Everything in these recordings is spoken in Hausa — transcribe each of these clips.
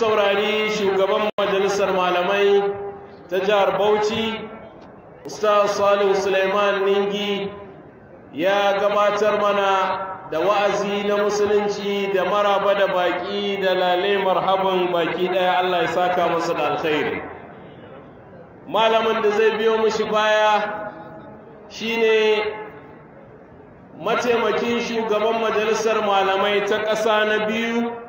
saurari shugaban majalisar malamai ta jihar Bauchi Ustaz Salihu Suleiman Ningi ya gabatar mana da wa'azi na musulunci da maraba da baki da lale marhaban baki ɗaya Allah ya saka masa da alkhairi malamin da zai biyo mashi baya shine mataimakin shugaban majalisar malamai ta ƙasa na biyu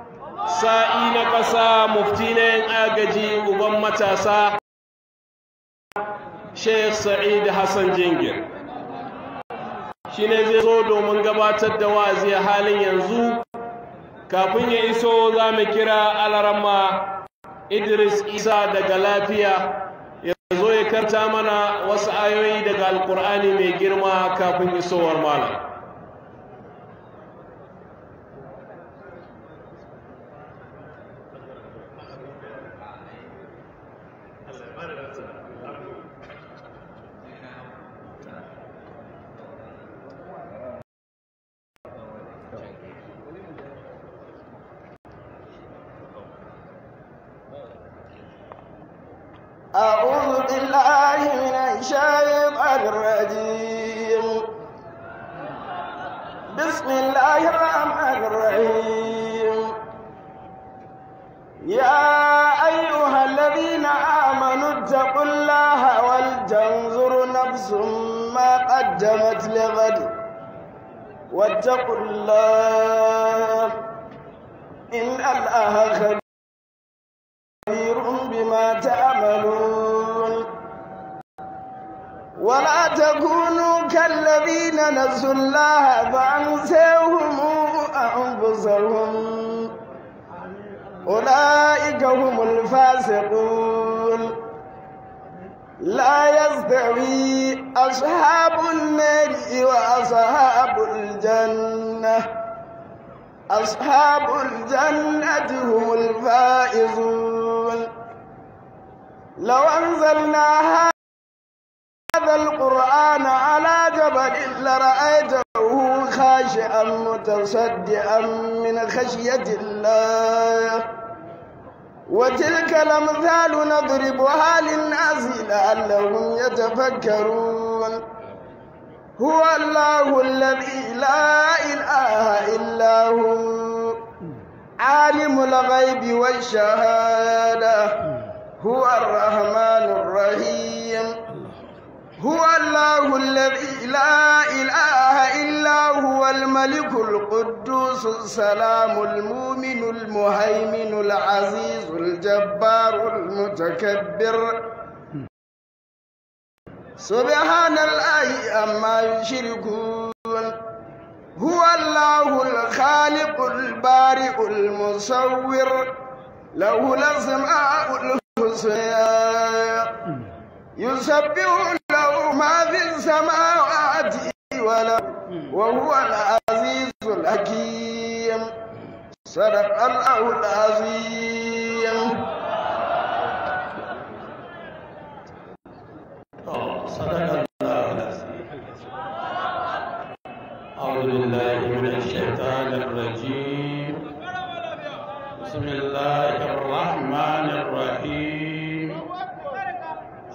sa'i na ƙasa mufti na yin agaji uban matasa sheikh sa'id hassan jingir shi ne zai zo domin gabatar da wa'azi a halin yanzu kafin ya iso za mu kira alarama idris isa daga lafiya ya zo ya karta mana wasu ayoyi daga alkur'ani mai girma kafin isowar malam قدمت لغد واتقوا الله إن الله خبير بما تعملون ولا تكونوا كالذين نسوا الله فأنسوهم أنفسهم أولئك هم الفاسقون لا يستوي أصحاب النار وأصحاب الجنة أصحاب الجنة هم الفائزون لو أنزلنا هذا القرآن على جبل لرأيته خاشئا متصدئا من خشية الله وتلك الأمثال نضربها للناس لعلهم يتفكرون هو الله الذي لا إله إلا هو عالم الغيب والشهادة هو الرحمن الرحيم هو الله الذي لا إله إلا هو الملك القدوس السلام المؤمن المهيمن العزيز الجبار المتكبر سبحان الله أما يشركون هو الله الخالق البارئ المصور له الأسماء الحسنى يسبحون ما في السماوات ولا وهو العزيز الحكيم صدق الله العظيم صدق الله العظيم أعوذ بالله من الشيطان الرجيم بسم الله الرحمن الرحيم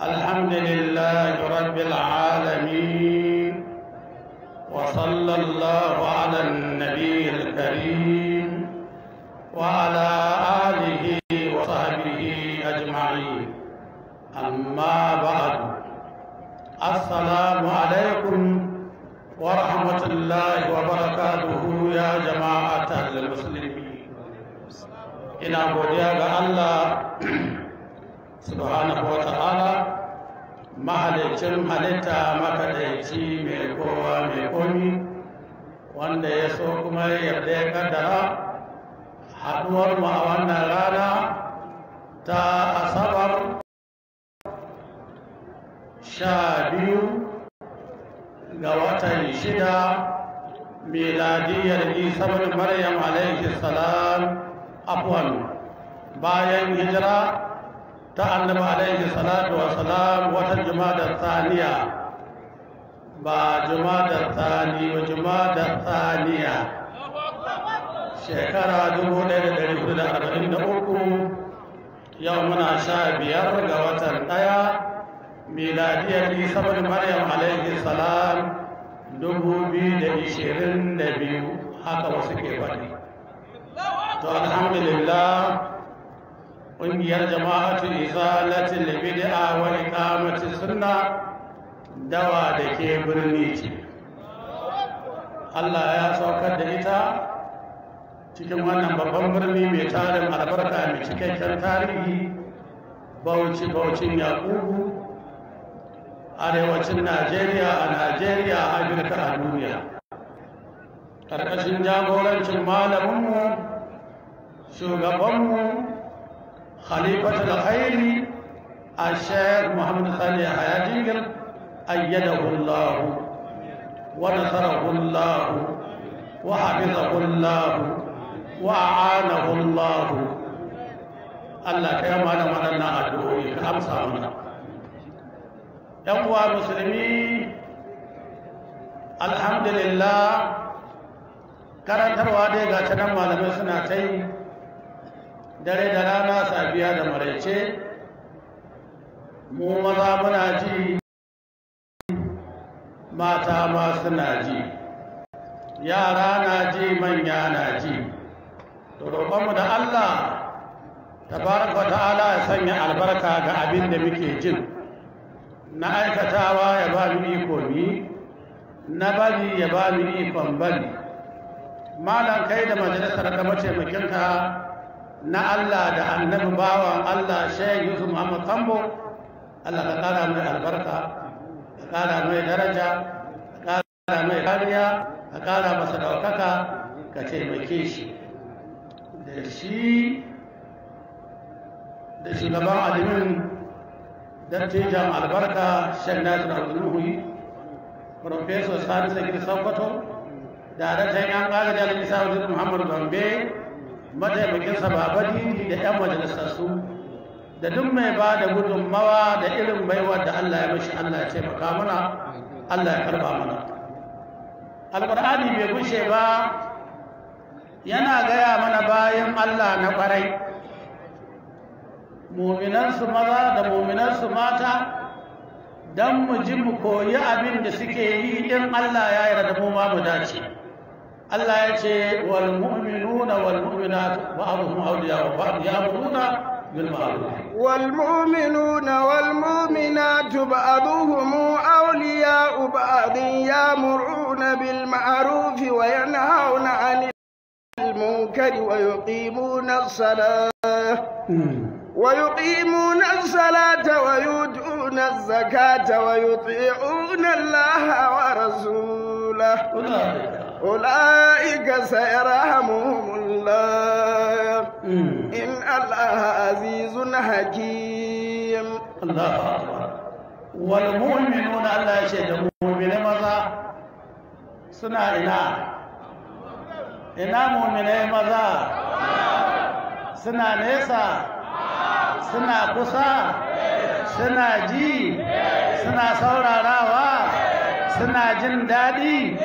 الحمد لله الله على النبي الكريم وعلى آله وصحبه أجمعين أما بعد السلام عليكم ورحمة الله وبركاته يا جماعة المسلمين إن godiya الله سبحانه وتعالى ما halitta makaɗaici mai kowa mai komi wanda ya so kuma ya yarda ya kaddara haduwar mu a wannan rana ta asabar sha biyu ga watan shida miladiyar isa maryam alaihi salam afwan bayan hijira ta annabi alaihi salatu wa salam watan jumada saniya ba da tsani ba da tsaniya shekara 1443 yau muna sha biyar ga watan ɗaya miladiyar isa maryam alaihi salam 2022 haka wasu ke faɗi to alhamdulillah ƙungiyar jama'atu izalatul bid'a wani iqamatis sunnah dawa da ke birni ce Allah ya saukar da ita cikin wannan babban birni mai tarin albarka mai cikakken tarihi bauchi baucin yakubu arewacin najeriya a najeriya afirka a duniya ƙarƙashin jagorancin malaminmu shugabanmu khalifatul khairi a shayar muhammadu hayajin hayajingir wa الله ونصره الله وحفظه الله وأعانه الله Allah ka yamma da waɗannan addu'o'i ka amsa mana ‘yan uwa musulmi alhamdulillah karantarwa dai ga ta nan malamai suna ta yi dare da rana safiya da maraice mu maza muna ji mata masu suna ji yara na ji manya na ji roƙonmu da Allah ta ta'ala ya sanya albarka ga abin da muke jin na aikatawa ya ba mu iko ni na bari ya ba mu ikon bari malam kai da majalisar da mataimakinka na Allah da annabi bawan Allah Sheikh Yusuf Muhammad Kambo? Allah ka kara mai albarka ƙara mai daraja kara mai kariya ka masa ɗaukaka ka taimake shi da shi da shugaban alimin dattijan albarka shan nasir abdulluhi professor sani saukato da daraktan yan da alisa wajen muhammadu Gambe, mataimakinsa babadi da yan majalisarsu da duk mai ba da gudunmawa da irin baiwa da Allah ya mashi Allah ya taimaka mana Allah ya karba mana alƙur'ani bai gushe ba yana gaya mana bayan Allah na ƙwarai mominansu maza da mominansu mata don mu ji mu koyi abin da suke yi in Allah ya yarda mu ma mu dace Allah ya ce wal mu'minuna wal abu ba'dhum awliya'u ba'd ya'muruna والمؤمنون والمؤمنات بعضهم أولياء بعض يأمرون بالمعروف وينهون عن المنكر ويقيمون الصلاة ويقيمون الصلاة ويؤتون الزكاة ويطيعون الله ورسوله أولئك سيرحمهم الله in Allah azizun hakim Allah wal mu'minuna Allah ya shaida mu'mine maza suna ina ina mu'mine maza suna nesa suna kusa suna ji suna saurarawa suna jin daɗi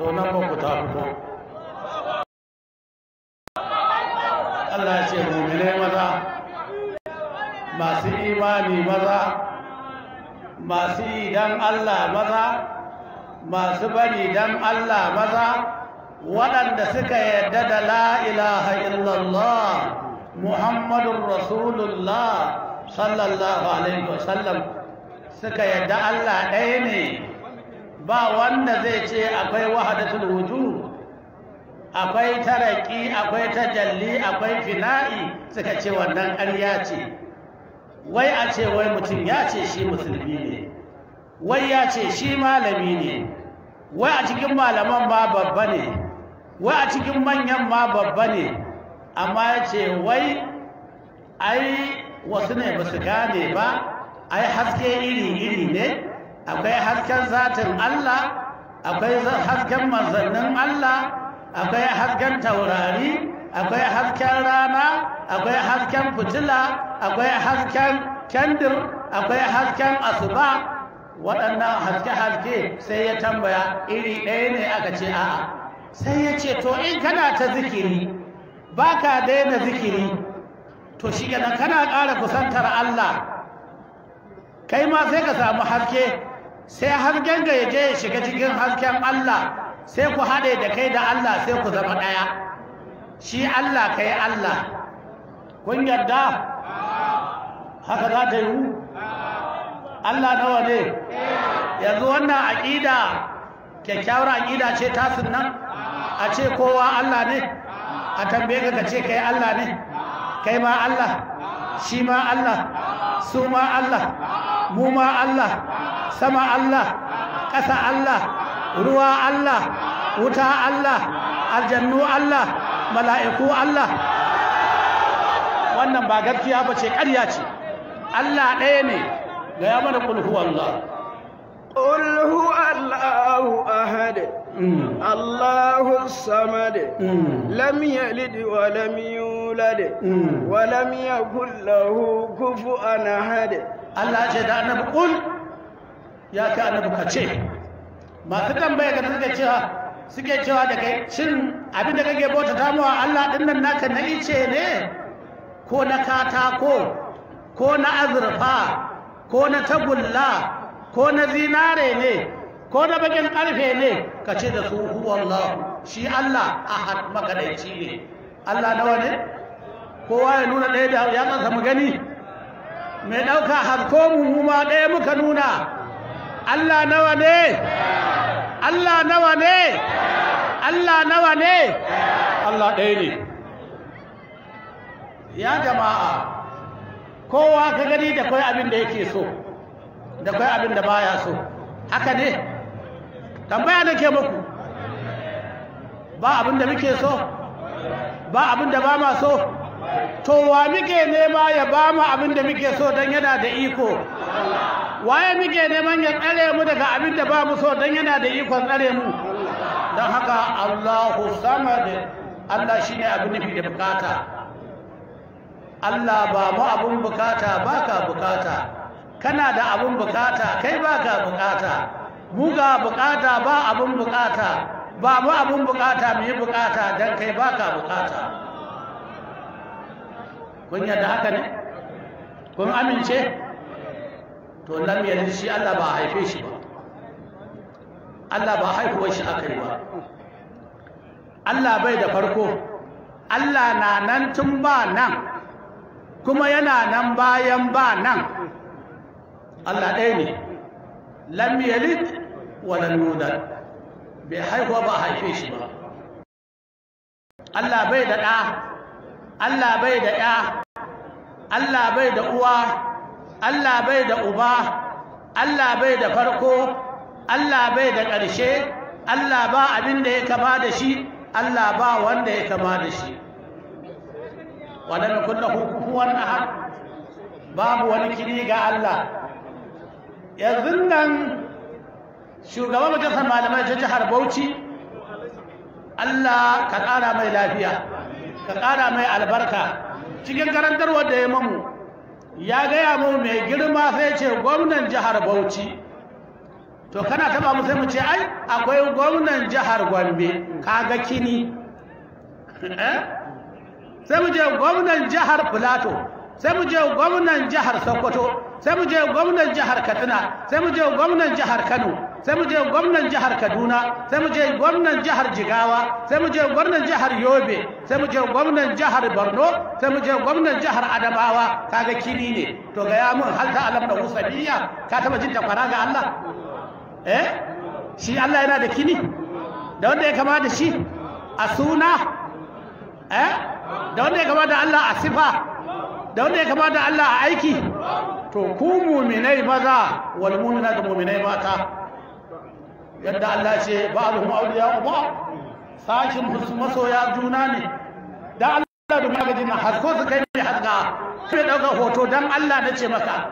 to nan ba ku ta fito Allah ce mumine maza masu imani maza masu yi Allah maza masu bari dan Allah maza waɗanda suka yarda da la ilaha illallah muhammadun rasulullah sallallahu alaihi wasallam suka yarda Allah ɗaya ne ba wanda zai ce akwai wahadatul wujud akwai taraki akwai tajalli akwai fina'i suka ce wannan ƙarya ce wai a ce wai mutum ya ce shi musulmi ne wai ya ce shi malami ne wai a cikin malaman ma babba ne wai a cikin manyan ma babba ne amma ya ce wai ai wasu ne ba su gane ba ai haske iri-iri ne akwai hasken zatin Allah akwai hasken manzannin Allah akwai hasken taurari akwai hasken rana akwai hasken fitila akwai hasken kendir akwai hasken asuba waɗannan haske-haske sai ya tambaya iri ɗaya ne aka ce a'a sai ya ce to in kana ta zikiri ba ka daina zikiri to shi kana ƙara kusantar Allah kai ma sai ka samu haske sai hasken ga ya je ya shiga cikin hasken Allah sai ku haɗe da kai da Allah sai ku zama ɗaya shi Allah kai Allah kun yarda haka za ta yiwu Allah nawa ne yanzu wannan aƙida kyakkyawar aƙida ce ta nan a ce kowa Allah ne a tambaye ka ce kai Allah ne kai ma Allah shi ma Allah su ma Allah mu ma Allah sama Allah ƙasa Allah ruwa Allah wuta Allah aljannu Allah mala'iku Allah wannan ba gaskiya ba ce ƙarya ce Allah ɗaya ne ga ya mana kulhu Allah kulhu Allahu ahad hmm. Allahu samad hmm. lam yalid wa lam yulad hmm. wa lam yakul lahu kufuwan ahad Allah ce da annabi kul ya ka annabi ka ce masu tambaya ga suke cewa suke cewa da kai shin abin da kake bauta ta muwa Allah din nan naka na ice ne ko na katako ko na azurfa ko na tagulla ko na zinare ne ko na bakin karfe ne ka ce da su huwallah shi Allah ahad makadaici ne Allah nawa ne kowa ya nuna ɗaya da ya kansa mu gani mai ɗauka har mu ma ɗaya muka nuna Allah nawa ne Allah nawa ne Allah nawa ne Allah ɗaya ne ya jama'a kowa ka gani da kwai abin da yake so da kwai abin da baya so haka ne tambaya nake muku ba abin da muke so ba abin da ba ma so to wa muke nema ya ba mu abin da muke so don yana da iko waye muke neman ya tsare mu daga abin da ba mu so don yana da ikon tsare mu don haka Allahu samad Allah shine abin nufi da bukata Allah ba mu abin bukata ka bukata kana da abin bukata kai ba ka bukata mu ga bukata ba abin bukata ba mu abin bukata mu yi bukata don kai ba ka bukata kun yarda haka ne kun amince to lam yanzu shi Allah ba haife shi ba Allah ba haihuwar shi aka yi ba Allah bai da farko Allah na nan tun ba nan kuma yana nan bayan ba nan Allah ɗaya ne lam yalid wa lam yulad bai haihuwa ba haife shi ba Allah bai da ɗa Allah bai da ya Allah bai da uwa Allah bai da uba Allah bai da farko Allah bai da ƙarshe Allah ba abin da ya kama da shi Allah ba wanda ya kama da shi walam kullahu kufuwan ahad babu wani kiri ga Allah yanzu nan shugaban majalisar malamai ta jihar Bauchi Allah ka ƙara mai lafiya ka ƙara mai albarka cikin karantar da ya mamu ya gaya mu mai girma sai ce gwamnan jihar bauchi to kana taba mu sai mu ce ai akwai gwamnan jihar gombe kaga kini eh? sai mu je gwamnan jihar plateau sai mu je gwamnan jihar sokoto sai mu je gwamnan jihar Katsina sai mu je gwamnan jihar Kano sai mu je gwamnan jihar Kaduna sai mu je gwamnan jihar Jigawa sai mu je gwamnan jihar Yobe sai mu je gwamnan jihar Borno sai mu je gwamnan jihar Adamawa kaga kini ne to ga ya mun halta alam da usabiyya ka taba jin takwara ga Allah eh shi Allah yana da kini da wanda ya kama da shi a suna eh da wanda ya kama da Allah a sifa da wanda ya kama da Allah a aiki to ku muminai maza wal da muminai mata yadda Allah ce ba ba'dhum awliya ba'd sashin su masoya juna ne da Allah da magajin har hasko su kai mai haska kai dauka hoto dan Allah na ce maka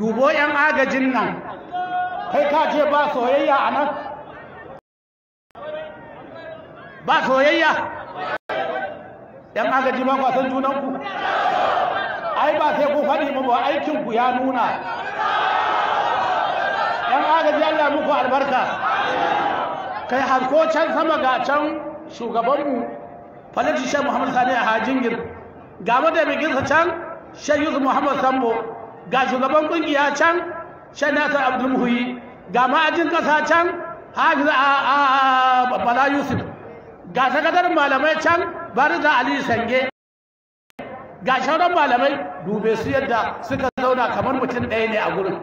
dubo yan agajin nan kai ka je ba soyayya a nan ba soyayya yan agaji ba kwasan junanku ai ba sai ku faɗi mu ba aikin ku ya nuna yan agaji Allah muku albarka kai harko can sama ga can shugabanmu falaji shan muhammad sani a gir ga madamaginsa can shan yusuf muhammad sambo ga shugaban kungiya can shan nasar abdul ga ma'ajin ƙasa can hafiz a bala yusuf ga sakadar malamai can barza ali sange ga shauran malamai dube su yadda suka zauna kamar mutum ɗaya ne a gurin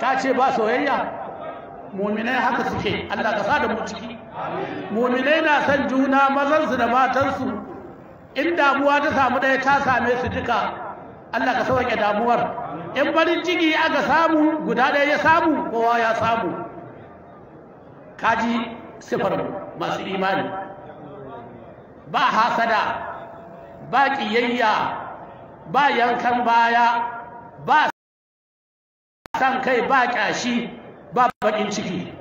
ta ce ba soyayya muminai haka suke Allah ka sa da mu ciki muminai na san juna mazansu da matansu in damuwa ta samu ɗaya ta same su duka Allah ka sauke damuwar in barin ciki aka samu guda ɗaya ya samu kowa ya samu kaji sifar masu imani ba hasada ba ƙiyayya ba yankan baya ba san kai ba ƙyashi ba baƙin ciki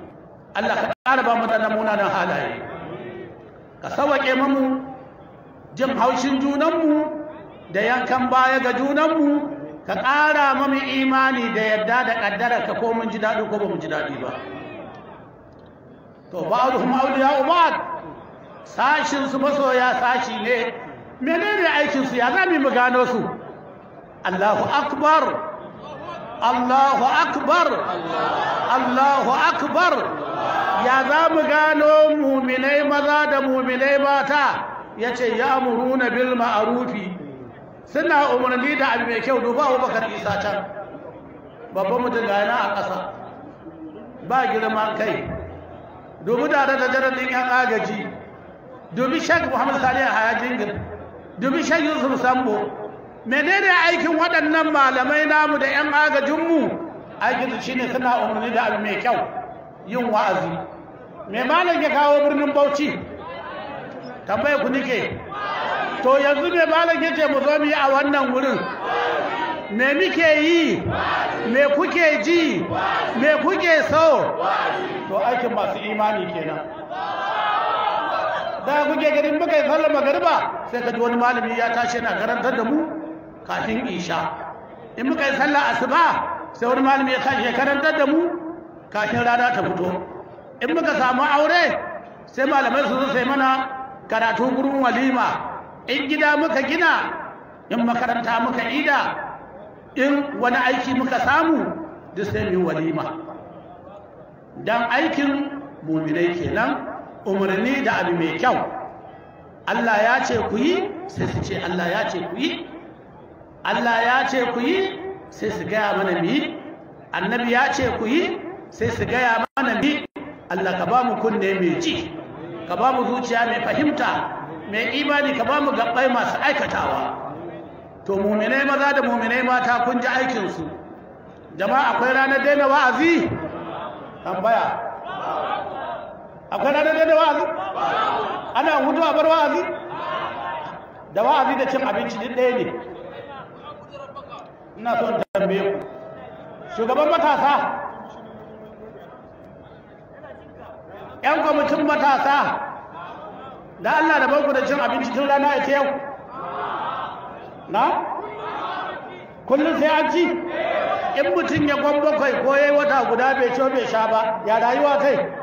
Allah ka ƙara ba mu da munanan halaye ka sawaƙe mu jin haushin junanmu da yankan baya ga junan mu. ka ƙara mamu imani da yadda da ƙaddara ka ko mun ji daɗi ko ba mu ji daɗi ba to ba'aduhum awliya'u ba'd sashin su masoya sashi ne menene aikin su ya za mu gano su Allahu akbar Allahu akbar Allahu akbar ya zamu gano mu'minai maza da mu'minai mata yace ya'muruna bil ma'rufi suna umarni da abu mai kyau duba Abubakar Isa can babban mutum ga yana a ƙasa ba girman kai dubi da da jaradin yan agaji dubi Sheikh Muhammad Salih Hayajin dubi shan yusuf sambo menene aikin waɗannan malamai namu da 'yan agajinmu aikin shine suna umarni da abu mai kyau yin wa'azi mai malam ya kawo birnin bauchi tambaye ku nike to yanzu mai malam ya ce mu zo mu yi a wannan wurin me muke yi me kuke ji me kuke so to aikin masu imani kenan da kuke ganin muka yi sallar magariba sai ka ji wani malami ya tashi yana karantar da mu kafin isha in muka yi sallar asuba sai wani malami ya tashi ya karantar da mu kafin rana ta fito in muka samu aure sai malamai su sai mana karatu gurin walima in gida muka gina in makaranta muka ida in wani aiki muka samu duk sai mu walima dan aikin muminai kenan umarni da abu mai kyau Allah ya ce ku yi sai su ce Allah ya ce ku yi Allah ya ce ku yi sai su gaya mana mi annabi ya ce ku yi sai su gaya mana mi Allah ka ba mu kunne mai ji ka ba mu zuciya mai fahimta mai imani ka ba mu gabbai masu aikatawa to muminai maza da muminai mata kun ji aikinsu jama'a akwai ranar daina wa'azi tambaya akwai na daidai da wa'azi ana hudu a bar wa'azi da wa'azi da cin abinci duk ɗaya ne ina son tambaye ku shugaban matasa yan kwamitin matasa da Allah da banku da cin abinci tun rana ita yau na kullum sai an ci in mutum ya gwambakwai ko ya yi wata guda bai ciwo bai sha ba ya rayuwa kai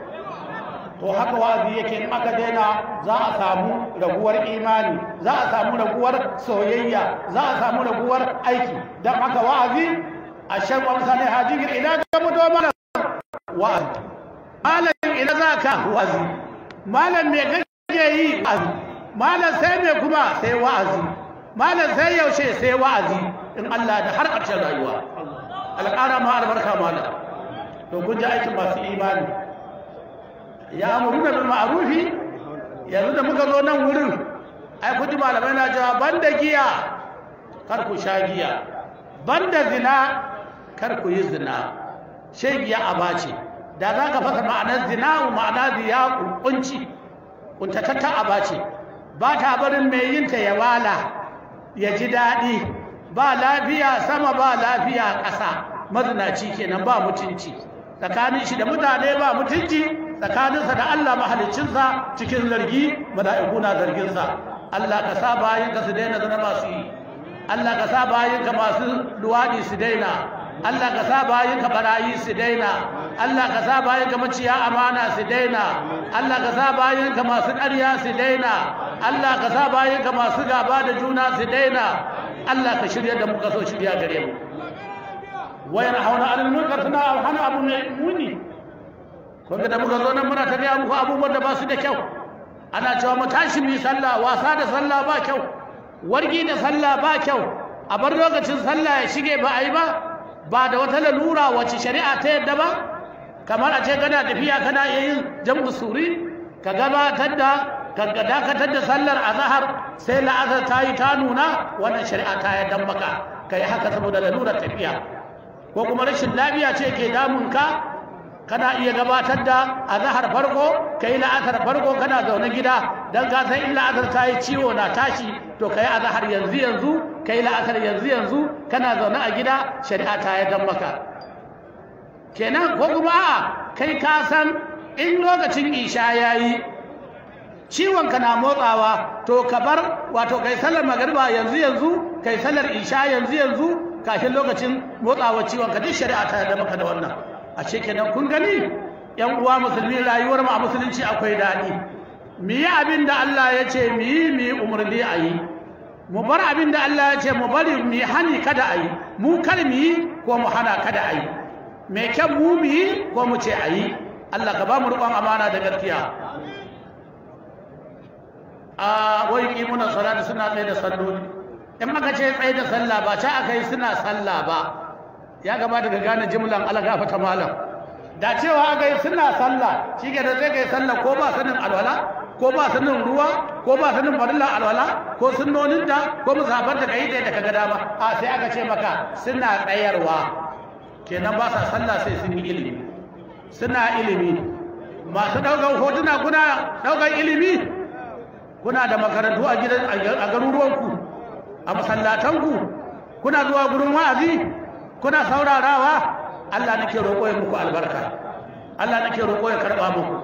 to haka wa'azi yake in aka daina za a samu raguwar imani za a samu raguwar soyayya za a samu raguwar aiki don haka wa'azi, a shan wamsa ne hajjin ina ka mu domin wazi malam ina za ka wa'azi? malam me kake yi wa'azi? malam sai me kuma sai wa'azi malam sai yaushe sai wa'azi in Allah da har ƙarshen rayuwa alƙara ma albarka malam to kun ji aikin masu imani ya da bil ma'rufi yanzu da muka zo nan wurin ai kuji malamai na cewa banda giya kar ku sha giya banda zina kar ku yi zina shan giya abace da za ka fasa ma'anar zina ma'ana ziya kunci kuntatatta abace ba ta barin mai ta ya wala ya ji daɗi ba lafiya sama ba lafiya ƙasa mazinaci kenan ba mutunci tsakanin shi da mutane ba mutunci tsakaninsa da Allah mahaliccinsa cikin zargi mala'iku na zarginsa Allah ka sa bayanka su daina zana masu yi Allah ka sa bayanka masu luwaɗi su daina Allah ka sa bayanka barayi su daina Allah ka sa bayanka maciya amana su daina Allah ka sa bayanka masu ƙarya su daina Allah ka sa bayanka masu gaba da juna su daina Allah ka shirya da muka so shirya gare mu wayar hauna alal mulkar suna hana abu ne muni kun da muka zo nan muna ta gaya muku abubuwan da ba su da kyau ana cewa mu tashi mu yi sallah wasa da sallah ba kyau wargi da sallah ba kyau a bar lokacin sallah ya shige ba a yi ba ba da wata lalura wacce shari'a ta yadda ba kamar a ce kana tafiya kana iya yin jan suri ka gabatar da ka dakatar da sallar azahar sai la'azar ta yi ta nuna wannan shari'a ta yadda maka ka yi haka saboda lalurar tafiya ko kuma rashin lafiya ce ke damunka kana iya gabatar da azahar farko ka yi la'asar farko kana zaune gida don ka san in la'asar ta yi ciwo na tashi to ka yi azahar yanzu yanzu ka yi la'asar yanzu yanzu kana zaune a gida shari'a ta yi don maka kenan ko kuma a, kai ka san in lokacin isha ya yi ciwon ka na motsawa to ka bar wato kai sallar magariba yanzu yanzu kai sallar isha yanzu yanzu kafin lokacin motsawa ciwon ka duk shari'a ta yi maka da wannan ashe kenan kun gani yan uwa musulmi rayuwar mu a musulunci akwai daɗi mu yi abin da Allah ya ce mu yi mu yi umarni a yi mu bar abin da Allah ya ce mu bari mu yi hani kada a yi mu kar mu yi ko mu hana kada a yi mai kyan mu mu yi ko mu ce a yi Allah ka ba mu riƙon amana da gaskiya a wai kimuna salatu suna tsaye da salloli in maka ce tsaye da sallah ba ta akai suna sallah ba ya kamata daga gane jimlan algafa ta malam da cewa aka suna sallah shi ke da sai ka sallah ko ba sanin alwala ko ba sanin ruwa ko ba sanin farilla alwala ko sunnonin da ko musafar da kai da kaga dama a sai aka ce maka suna tsayarwa kenan ba sa sallah sai sun yi ilimi suna ilimi masu ɗaukar hotuna kuna ɗaukar ilimi kuna da makarantu a gidan a garuruwanku a masallatanku kuna zuwa gurin wa'azi kuna saurarawa Allah nake roƙo ya muku albarka Allah nake roƙo ya karɓa muku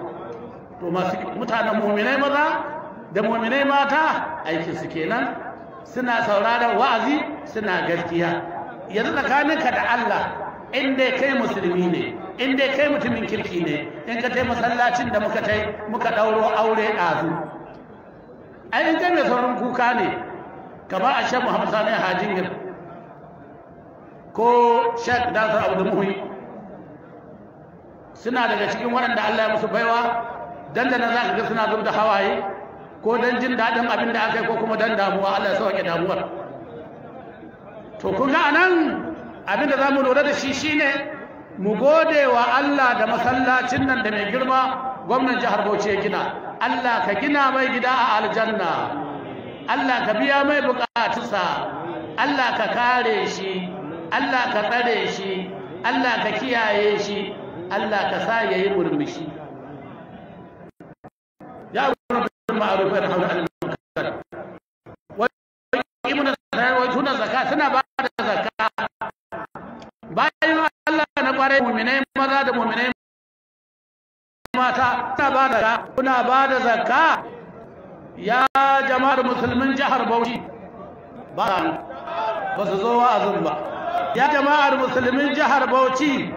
to masu mutanen muminai maza da muminai mata aikin su kenan suna sauraron wa'azi suna gaskiya yanzu tsakaninka da Allah inda dai kai musulmi ne in dai kai mutumin kirki ne in ka tai masallacin da muka tai muka ɗauro aure ɗazu ai in kai mai saurin kuka ne kamar a shan muhammadu sani hajjin ko shek da abu da muhi suna daga cikin waɗanda Allah ya musu baiwa dandana za ka ga suna zuba hawaye ko don jin daɗin abin da aka yi ko kuma don damuwa Allah ya sauke damuwar to kun ga anan abin da za mu lura da shi shine mu gode wa Allah da masallacin nan da mai girma gwamnan jihar Bauchi ya gina Allah ka gina mai gida a aljanna Allah ka biya mai bukatunsa Allah ka kare shi Allah ka tsare shi Allah ka kiyaye shi Allah ka sa ya yi murmushi ya rabbul ma'ruf wa nahyu anil munkar wa yuqimuna salata wa yutuna zakata suna ba da zakka bayan Allah na kware mu'minai maza da mu'minai mata suna ba da kuna ba da zakka ya jama'ar musulmin jihar Bauchi ba su zo wa'azin ba ya jama'ar musulmin jihar Bauchi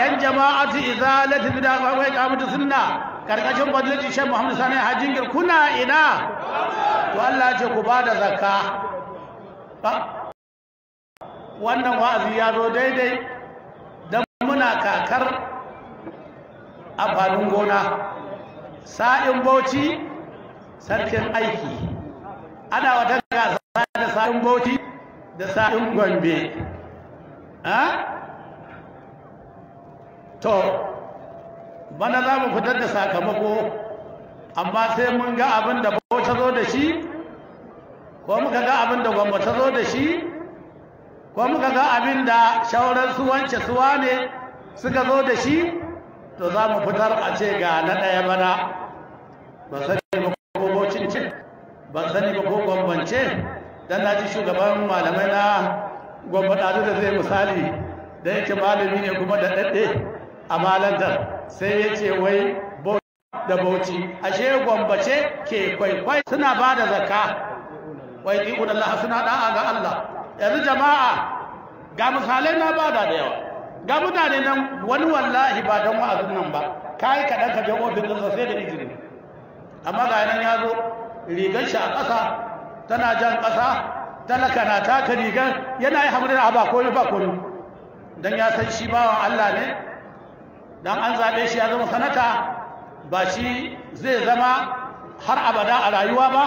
yan jama'atu izalati bid'a wa iqamatu sunna karkashin gwamnati Sheikh Muhammad Sani Hajingir kuna ina to Allah ya ce ku bada zakka wannan wa'azi ya zo daidai dan muna kakar amfanin gona sa'in Bauchi sarkin aiki ana wata gasa da sa'in Bauchi da sa'in Gombe to bana za mu fitar da sakamako amma sai mun ga abin da bauta zo da shi ko muka ga abin da gwamnati ta zo da shi ko muka ga abin da shawarar su wance suwa ne suka zo da shi to za mu fitar a ce ga na ɗaya bana ba sani ba ko bocin ce ba sani ba ko gwambance dan na ji shugaban malamai na gwamba ɗazu da zai misali da yake malami ne kuma da ɗaɗɗe a malantar sai ya ce wai da bauchi ashe gwambace ke kwaikwai suna ba da zaka wai ɗi'un Allah suna ɗa'a ga Allah yanzu jama'a ga misalai na ba da yawa ga mutane nan wani wallahi ba don wa'azin nan ba kai kaɗan ka je ofis ɗinsa sai da izini amma ga nan ya zo rigar shi a ƙasa tana jan ƙasa talaka na taka rigar yana yi hamurin a ba koyo don ya san shi bawan Allah ne don an zaɓe shi ya zama sanata ba shi zai zama har abada a rayuwa ba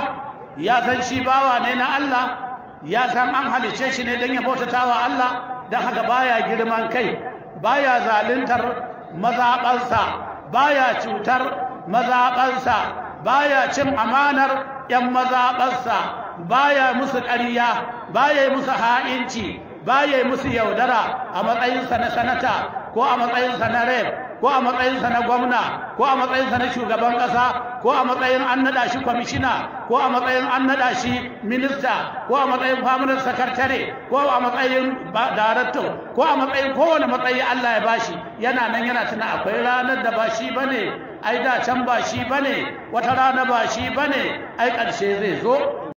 ya san shi bawa ne na Allah ya san an halice shi ne don ya bautata wa Allah don haka baya girman kai baya zaluntar mazaɓansa baya cutar mazaɓansa baya cin amanar 'yan mazaɓansa baya musu ƙarya baya musu ha'inci baya musu yaudara a matsayinsa na sanata ko a matsayinsa na rep ko a matsayinsa na gwamna ko a matsayinsa na shugaban ƙasa ko a matsayin an naɗa shi kwamishina ko a matsayin an naɗa shi minista ko a matsayin famunan sakatare ko a matsayin darakto ko a matsayin kowane matsayi Allah ya bashi yana nan yana tuna akwai ranar da ba shi bane ai da can ba shi bane wata rana ba shi bane ai ƙarshe zai zo